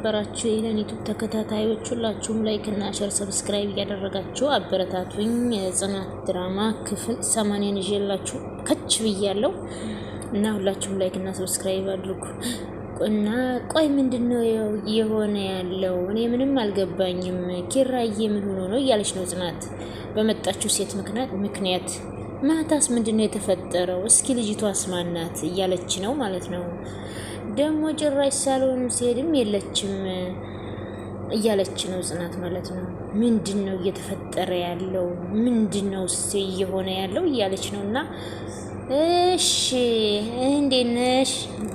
የተከበራችሁ የለኒቱ ተከታታዮች ሁላችሁም ላይክ እና ሸር ሰብስክራይብ እያደረጋችሁ አበረታቱኝ። የጽናት ድራማ ክፍል ሰማንያን ይዤላችሁ ከች ብያለሁ እና ሁላችሁም ላይክ እና ሰብስክራይብ አድርጉ እና ቆይ ምንድን ነው የሆነ ያለው? እኔ ምንም አልገባኝም። ኪራዬ ምን ሆኖ ነው እያለች ነው ጽናት በመጣችው ሴት ምክንያት ምክንያት ማታስ ምንድን ነው የተፈጠረው? እስኪ ልጅቷስ ማናት እያለች ነው ማለት ነው። ደግሞ ጭራሽ ሳሎን ሲሄድም የለችም እያለች ነው ጽናት ማለት ነው። ምንድን ነው እየተፈጠረ ያለው? ምንድን ነው እየሆነ ያለው እያለች ነው እና እሺ እንዴት ነሽ?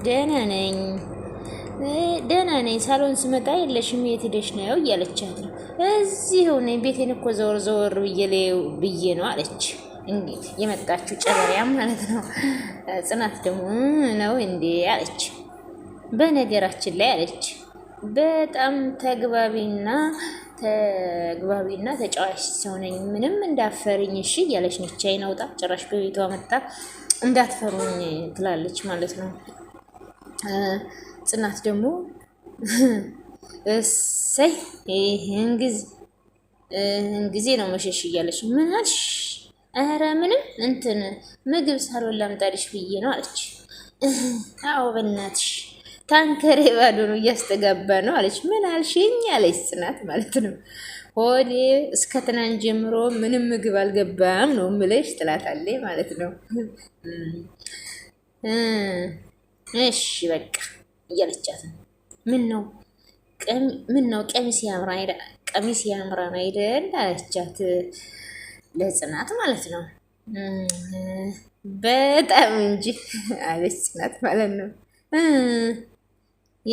ደህና ነኝ ደህና ነኝ። ሳሎን ስመጣ የለሽም የት ሄደሽ ነው እያለቻት ነው። እዚሁ ነኝ፣ ቤቴን እኮ ዘወር ዘወር ብዬ ነው አለች። እንዴት የመጣችው ጨበሪያ ማለት ነው። ጽናት ደግሞ ነው እንዴ አለች። በነገራችን ላይ አለች በጣም ተግባቢና ተግባቢና ተጫዋች ሲሆነኝ ምንም እንዳፈርኝ እሺ እያለች ነች። አይናውጣ ጭራሽ በቤቷ መታ እንዳትፈሩኝ ትላለች ማለት ነው። ጽናት ደግሞ እሰይ ይህን ጊዜ ነው መሸሽ እያለች ምን አልሽ ኧረ ምንም እንትን ምግብ ሳሎን ላምጣልሽ ብዬ ነው አለች። አዎ በእናትሽ ታንከሬ ባዶ ነው እያስተጋባ ነው አለች። ምን አልሽኝ? አለች ጽናት ማለት ነው። ሆዴ እስከ ትናንት ጀምሮ ምንም ምግብ አልገባም ነው ምለሽ ትላታለች ማለት ነው። እሺ በቃ እያለቻት ነው። ምን ነው ምን ነው ቀሚስ ያምራን አይደል አለቻት። ለጽናት ማለት ነው። በጣም እንጂ አለች ጽናት ማለት ነው።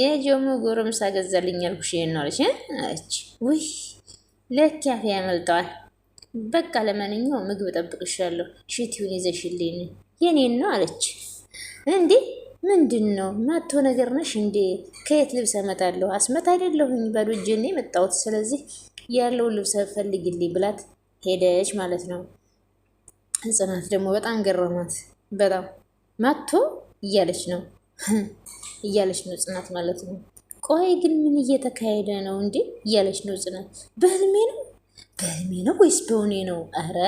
የጆሞ ጎረምሳ ገዛልኝ አልኩሽ ነው አለች አለች። ውይ ለኪያት ያመልጠዋል። በቃ ለማንኛውም ምግብ ጠብቅሻለሁ፣ ሽቲውን ይዘሽልኝ የኔን ነው አለች። እንዴ ምንድን ነው ማቶ ነገር ነሽ እንዴ? ከየት ልብስ አመጣለሁ? አስመት አይደለሁኝ ባዶ እጄን የመጣሁት። ስለዚህ ያለውን ልብስ ፈልግልኝ ብላት ሄደች ማለት ነው። ህጽናት ደግሞ በጣም ገረማት። በጣም መቶ እያለች ነው እያለች ነው ጽናት ማለት ነው። ቆይ ግን ምን እየተካሄደ ነው እንዴ? እያለች ነው ጽናት። በህልሜ ነው በህልሜ ነው ወይስ በእውኔ ነው? ኧረ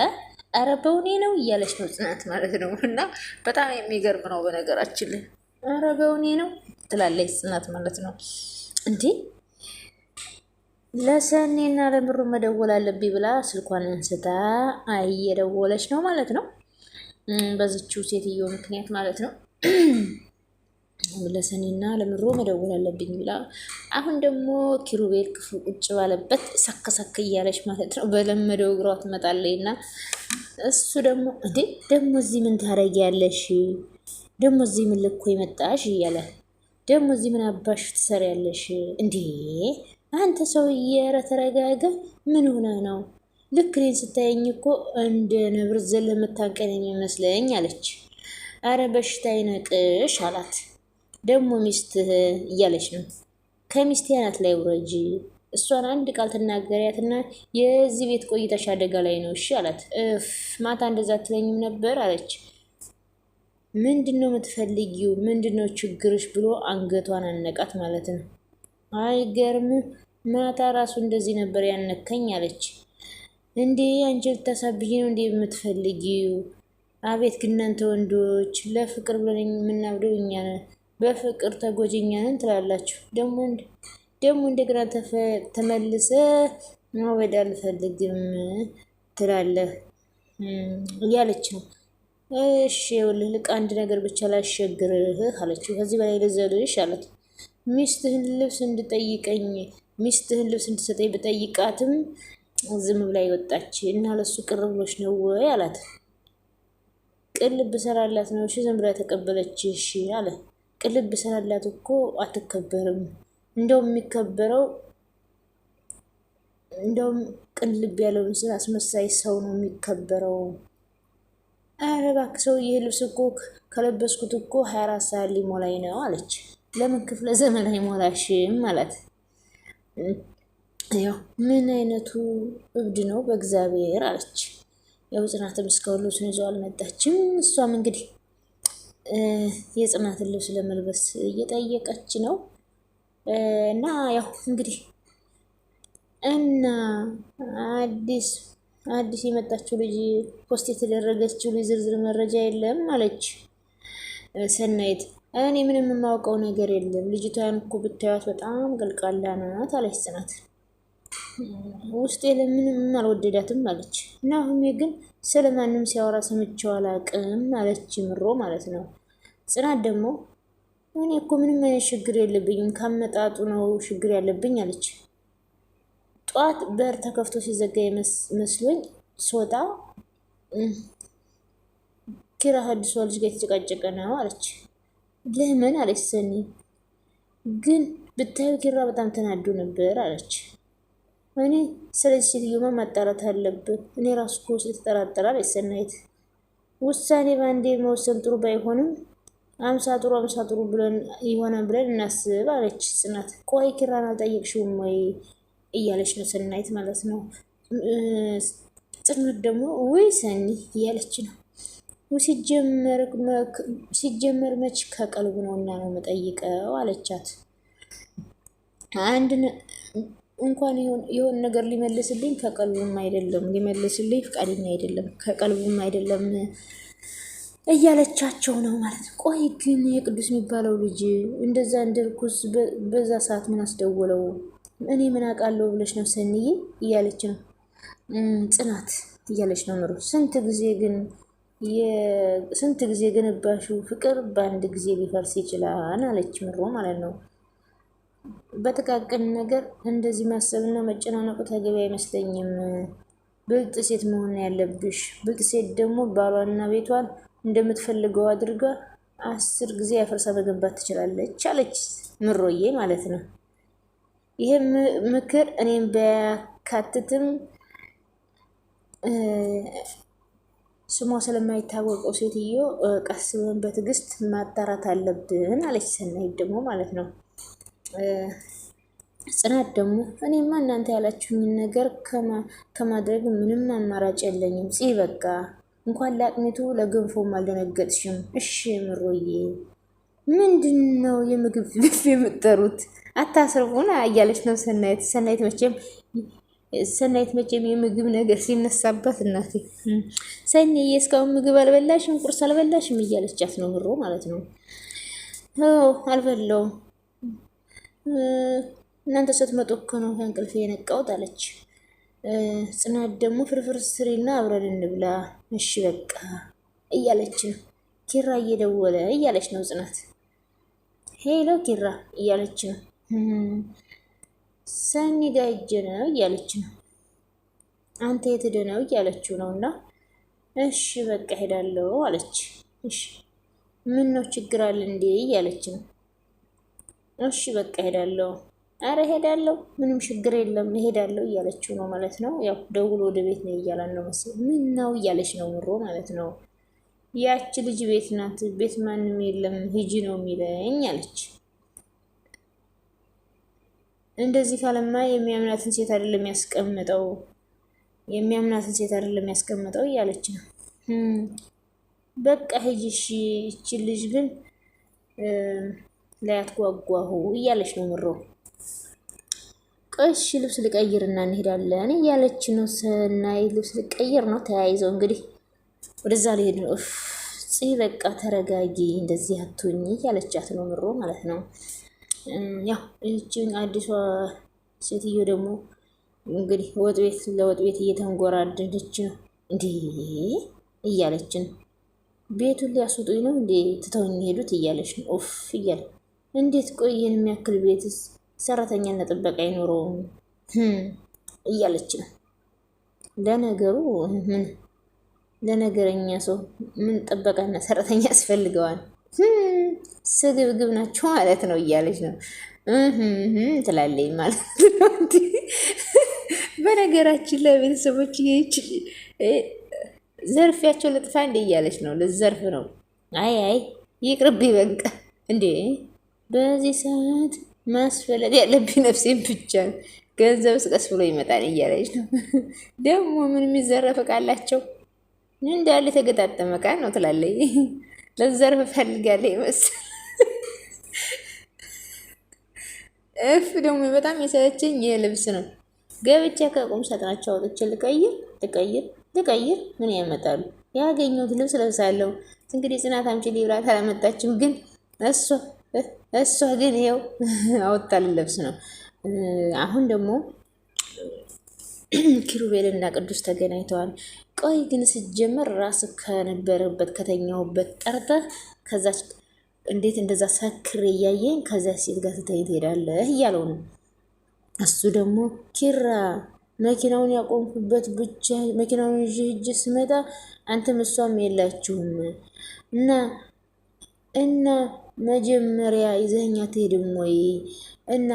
ኧረ በእውኔ ነው እያለች ነው ጽናት ማለት ነው። እና በጣም የሚገርም ነው በነገራችን ላይ። ኧረ በእውኔ ነው ትላለች ጽናት ማለት ነው እንዴ ለሰኔና ለምሩ መደወል አለብኝ ብላ ስልኳን አንስታ እየደወለች ነው ማለት ነው። በዚችው ሴትዮ ምክንያት ማለት ነው። ለሰኔና ለምሮ መደወል አለብኝ ብላ አሁን ደግሞ ኪሩቤል ክፍል ቁጭ ባለበት ሰከሰከ እያለች ማለት ነው። በለመደው እግሯ ትመጣለች እና እሱ ደግሞ እንዴ ደግሞ እዚህ ምን ታደርጊያለሽ? ደግሞ እዚህ ምን ልኮ ይመጣሽ? እያለ ደግሞ እዚህ ምን አባሽ ትሰሪያለሽ? እንዴ አንተ ሰውዬ ኧረ ተረጋጋ። ምን ሆነ ነው? ልክ እኔን ስታየኝ እኮ እንደ ነብር ዘለ የምታንቀኝ የሚመስለኝ አለች። አረ በሽታ ይነቅሽ አላት። ደግሞ ሚስትህ እያለች ነው። ከሚስቴ አናት ላይ ውረጂ። እሷን አንድ ቃል ትናገሪያትና የዚህ ቤት ቆይታሽ አደጋ ላይ ነው። እሺ አላት። እፍ ማታ እንደዛ ትለኝም ነበር አለች። ምንድን ነው የምትፈልጊው? ምንድን ነው ችግርሽ? ብሎ አንገቷን አነቃት ማለት ነው። አይገርምም? ማታ ራሱ እንደዚህ ነበር ያነከኝ አለች። እንዴ አንቺ ልታሳብኝ ነው እንዴ የምትፈልጊው? አቤት ግን እናንተ ወንዶች ለፍቅር ብለን የምናብደው እኛ ነን፣ በፍቅር ተጎጂ እኛ ነን ትላላችሁ። ደግሞ እንደገና ተመልሰ ማበድ አልፈልግም ትላለህ እያለች ነው። እሺ ይኸውልህ ልቅ አንድ ነገር ብቻ ላሸግርህ አለችው። ከዚህ በላይ ልዘልሽ አላት። ሚስትህን ልብስ እንድጠይቀኝ ሚስትህን ልብስ እንድትሰጠኝ ብጠይቃትም ዝም ብላ ይወጣች እና ለሱ ቅር ብሎች ነው ወይ አላት። ቅልብ ብሰራላት ነው እሺ ዝም ብላ ተቀበለች እሺ አለ። ቅልብ ብሰራላት እኮ አትከበርም። እንደውም የሚከበረው እንደውም ቅልብ ያለውን ስለ አስመሳይ ሰው ነው የሚከበረው። አረ እባክህ ይህ ልብስ እኮ ከለበስኩት እኮ ሀያ አራት ሰዓት ሊሞላኝ ነው አለች። ለምን ክፍለ ዘመን አይሞላሽም አላት። ያው ምን አይነቱ እብድ ነው በእግዚአብሔር አለች። ያው ጽናትም እስካሁን ልብሱን ይዞ አልመጣችም። እሷም እንግዲህ የጽናትን ልብስ ለመልበስ እየጠየቀች ነው እና ያው እንግዲህ እና አዲስ አዲስ የመጣችው ልጅ ፖስት የተደረገችው ልጅ ዝርዝር መረጃ የለም አለች ሰናይት እኔ ምንም የማውቀው ነገር የለም። ልጅቷን እኮ ብታዩት በጣም ገልቃላ ናት አለች ጽናት። ውስጤ ለምንም አልወደዳትም አለች እና አሁን ግን ስለማንም ሲያወራ ሰምቼው አላውቅም አለች ምሮ ማለት ነው። ጽናት ደግሞ እኔ እኮ ምንም አይነት ችግር የለብኝም ካመጣጡ ነው ችግር ያለብኝ አለች። ጠዋት በር ተከፍቶ ሲዘጋ መስሎኝ ስወጣ ኪራ አዲሷ ልጅ ጋር የተጨቃጨቀ ነው አለች። ለምን አለች ሰኒ። ግን ብታዩ ኪራ በጣም ተናዶ ነበር አለች። እኔ ስለዚህ ሴትዮማ ማጣራት አለብን። እኔ ራሱ እኮ ስለተጠራጠረ አለች ሰናይት። ውሳኔ በአንዴ መወሰን ጥሩ ባይሆንም አምሳ ጥሩ አምሳ ጥሩ ብለን የሆነ ብለን እናስብ አለች ጽናት። ቆይ ኪራን አልጠየቅሽውም ወይ እያለች ነው ሰናይት ማለት ነው። ጽናት ደግሞ ውይ ሰኒ እያለች ነው ሲጀመር መች ከቀልቡ ነው እና ነው መጠይቀው አለቻት። አንድ እንኳን የሆን ነገር ሊመልስልኝ ከቀልቡም አይደለም ሊመልስልኝ ፍቃደኛ አይደለም ከቀልቡም አይደለም እያለቻቸው ነው ማለት ነው። ቆይ ግን የቅዱስ የሚባለው ልጅ እንደዛ እንደ በዛ ሰዓት ምን አስደወለው? እኔ ምን አውቃለሁ ብለች ነው ሰንዬ እያለች ነው ጽናት እያለች ነው ምሩ ስንት ጊዜ ግን የስንት ጊዜ ገነባሽው ፍቅር በአንድ ጊዜ ሊፈርስ ይችላል አለች ምሮ ማለት ነው። በጥቃቅን ነገር እንደዚህ ማሰብና መጨናነቁ ተገቢ አይመስለኝም። ብልጥ ሴት መሆን ያለብሽ። ብልጥ ሴት ደግሞ ባሏና ቤቷን እንደምትፈልገው አድርጋ አስር ጊዜ ያፈርሳ መገንባት ትችላለች አለች ምሮዬ ማለት ነው። ይህ ምክር እኔም ባያካትትም ስሟ ስለማይታወቀው ሴትዮ ቀስ ብለን በትዕግስት ማጣራት አለብን አለች። ሰናይት ደግሞ ማለት ነው። ጽናት ደግሞ እኔማ እናንተ ያላችሁኝን ነገር ከማድረግ ምንም አማራጭ የለኝም። ጽ በቃ እንኳን ለአቅሚቱ ለገንፎም አልደነገጥሽም። እሺ ምሮዬ፣ ምንድን ነው የምግብ ግፍ የምጠሩት? አታስርቡን እያለች ነው ሰናይት። ሰናይት መቼም ሰናይት መቼም የምግብ ነገር ሲነሳባት እናቴ ሰኔ እስካሁን ምግብ አልበላሽም፣ ቁርስ አልበላሽም እያለቻት ነው ብሮ ማለት ነው። አልበላውም እናንተ ስትመጡ እኮ ነው ከእንቅልፍ የነቃሁት አለች። ጽናት ደግሞ ፍርፍር ስሪና አብረን እንብላ እሺ በቃ እያለች ነው። ኪራ እየደወለ እያለች ነው ጽናት ሄሎ ኪራ እያለች ነው ሰኒ ጋ ሂጅ ነው እያለች ነው። አንተ የት ነው እያለችው ነው። እና እሺ በቃ ሄዳለሁ አለች። እሺ ምን ነው ችግር አለ እንዴ እያለች ነው። እሺ በቃ ሄዳለሁ፣ አረ ሄዳለሁ፣ ምንም ችግር የለም ሄዳለው እያለችው ነው ማለት ነው። ያው ደውሎ ወደ ቤት ነው እያላን ነው መሰለኝ። ምን ነው እያለች ነው ምሮ ማለት ነው። ያቺ ልጅ ቤት ናት፣ ቤት ማንም የለም ሂጂ ነው የሚለኝ አለች። እንደዚህ ካለማ የሚያምናትን ሴት አይደለም ያስቀምጠው የሚያምናትን ሴት አይደለም ያስቀምጠው እያለች ነው። በቃ ህይሽ ይቺ ልጅ ግን ላያትጓጓሁ እያለች ነው ምሮ ቀሽ ልብስ ልቀይርና እንሄዳለን እያለች ነው። ሰናይ ልብስ ልቀይር ነው። ተያይዘው እንግዲህ ወደዛ ሊሄድ ነው። እፍ በቃ ተረጋጊ፣ እንደዚህ አትሆኚ እያለቻት ነው ምሮ ማለት ነው። ያው ይህችን አዲሷ ሴትዮ ደግሞ እንግዲህ ወጥ ቤት ለወጥ ቤት እየተንጎራደደች ነው እንዴ እያለች ነው። ቤቱን ሊያስወጡኝ ነው እንዴ ትተውኝ ሄዱት እያለች ነው። ኦፍ እያለ እንዴት ቆየን የሚያክል ቤትስ ሰራተኛና ጥበቃ አይኖረውም እያለች ነው። ለነገሩ ምን ለነገረኛ ሰው ምን ጥበቃና ሰራተኛ ያስፈልገዋል? ስግብግብ ናቸው ማለት ነው እያለች ነው ትላለኝ ማለት ነው። በነገራችን ላይ ቤተሰቦች ዘርፊያቸው ልጥፋ እንዴ እያለች ነው። ልዘርፍ ነው። አይ አይ ይቅርብ ይበቅ እንዴ በዚህ ሰዓት ማስፈለግ ያለብኝ ነፍሴን ብቻ ነው። ገንዘብ ስቀስ ብሎ ይመጣል እያለች ነው። ደግሞ ምን የሚዘረፍ እቃ አላቸው እንዳለ የተገጣጠመ እቃ ነው ትላለች። ልትዘርፍ ፈልጋለ ይመስል እፍ ደግሞ በጣም የሰለችኝ ይህ ልብስ ነው። ገብቼ ከቁም ሳጥናቸው አውጥቼ ልቀይር ልቀይር ልቀይር ምን ያመጣሉ? ያገኙት ልብስ ለብሳለሁ። እንግዲህ ጽናት አምጪ ሊብራት አላመጣችም፣ ግን እሷ እሷ ግን ይኸው አወጣልን ልብስ ነው። አሁን ደግሞ እና ቅዱስ ተገናኝተዋል። ቆይ ግን ስጀመር ራስ ከነበረበት ከተኛሁበት ጠርተህ ከዛ እንዴት እንደዛ ሰክር እያየኝ ከዛ ሴት ጋር ትተኝ ትሄዳለህ እያለው ነው። እሱ ደግሞ ኪራ መኪናውን ያቆምኩበት ብቻ መኪናውን ይዤ ሂጅ ስመጣ አንተም እሷም የላችሁም እና እና መጀመሪያ ይዘኛ ትሄድም ወይ እና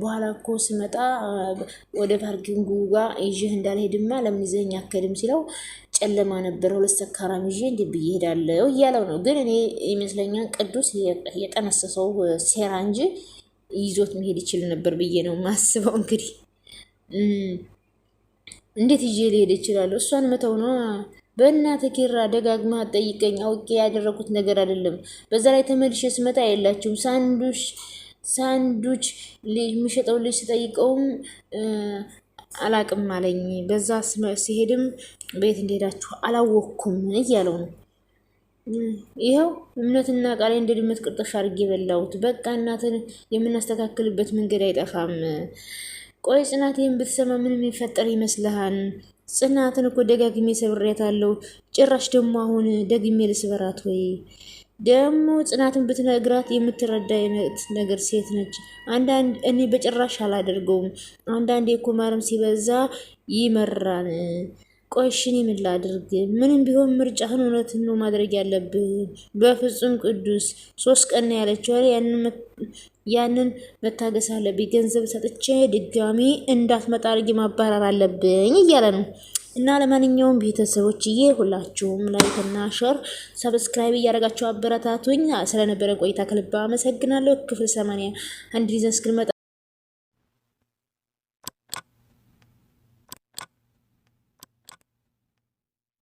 በኋላ እኮ ስመጣ ወደ ፓርኪንጉ ጋር ይዤህ እንዳልሄድማ ለምን ይዘኸኝ አከድም ሲለው ጨለማ ነበረ፣ ሁለት ሰካራም ይዤ እንዲ ብዬ እሄዳለሁ እያለው ነው። ግን እኔ ይመስለኛል ቅዱስ የጠነሰሰው ሴራ እንጂ ይዞት መሄድ ይችል ነበር ብዬ ነው ማስበው። እንግዲህ እንዴት ይዤ ሊሄድ ይችላለሁ? እሷን መተው ነው በእናትህ ኪራ ደጋግመህ አትጠይቀኝ። አውቄ ያደረጉት ነገር አይደለም። በዛ ላይ ተመልሼ ስመጣ የላችሁም። ሳንዱሽ ሳንዱች የሚሸጠው ልጅ ስጠይቀውም አላቅም አለኝ። በዛ ሲሄድም ቤት እንደሄዳችሁ አላወቅኩም እያለው ነው። ይኸው እምነትና ቃሌ እንደ ድመት ቅርጥሻ አድርጌ በቃ እናትን የምናስተካክልበት መንገድ አይጠፋም። ቆይ ጽናት ይህን ብትሰማ ምን የሚፈጠር ይመስልሃል? ጽናትን እኮ ደጋግሜ ሰብሬያታለሁ። ጭራሽ ደግሞ አሁን ደግሜ ልስበራት ወይ? ደግሞ ጽናትን ብትነግራት የምትረዳ አይነት ነገር ሴት ነች። አንዳንድ እኔ በጭራሽ አላደርገውም። አንዳንዴ እኮ ማረም ሲበዛ ይመራል። ቆሽን ምን ላድርግ? ምንም ቢሆን ምርጫህን እውነት ነው ማድረግ ያለብህ። በፍጹም ቅዱስ ሶስት ቀን ያለችው ያንን መታገስ አለብኝ። ገንዘብ ሰጥቼ ድጋሚ እንዳትመጣ አድርጌ ማባረር አለብኝ እያለ ነው። እና ለማንኛውም ቤተሰቦችዬ ሁላችሁም ላይክና ሸር ሰብስክራይብ እያደረጋችሁ አበረታቱኝ። ስለነበረ ቆይታ ከልባ አመሰግናለሁ። ክፍል ሰማንያ አንድ ይዘን እስክንመጣ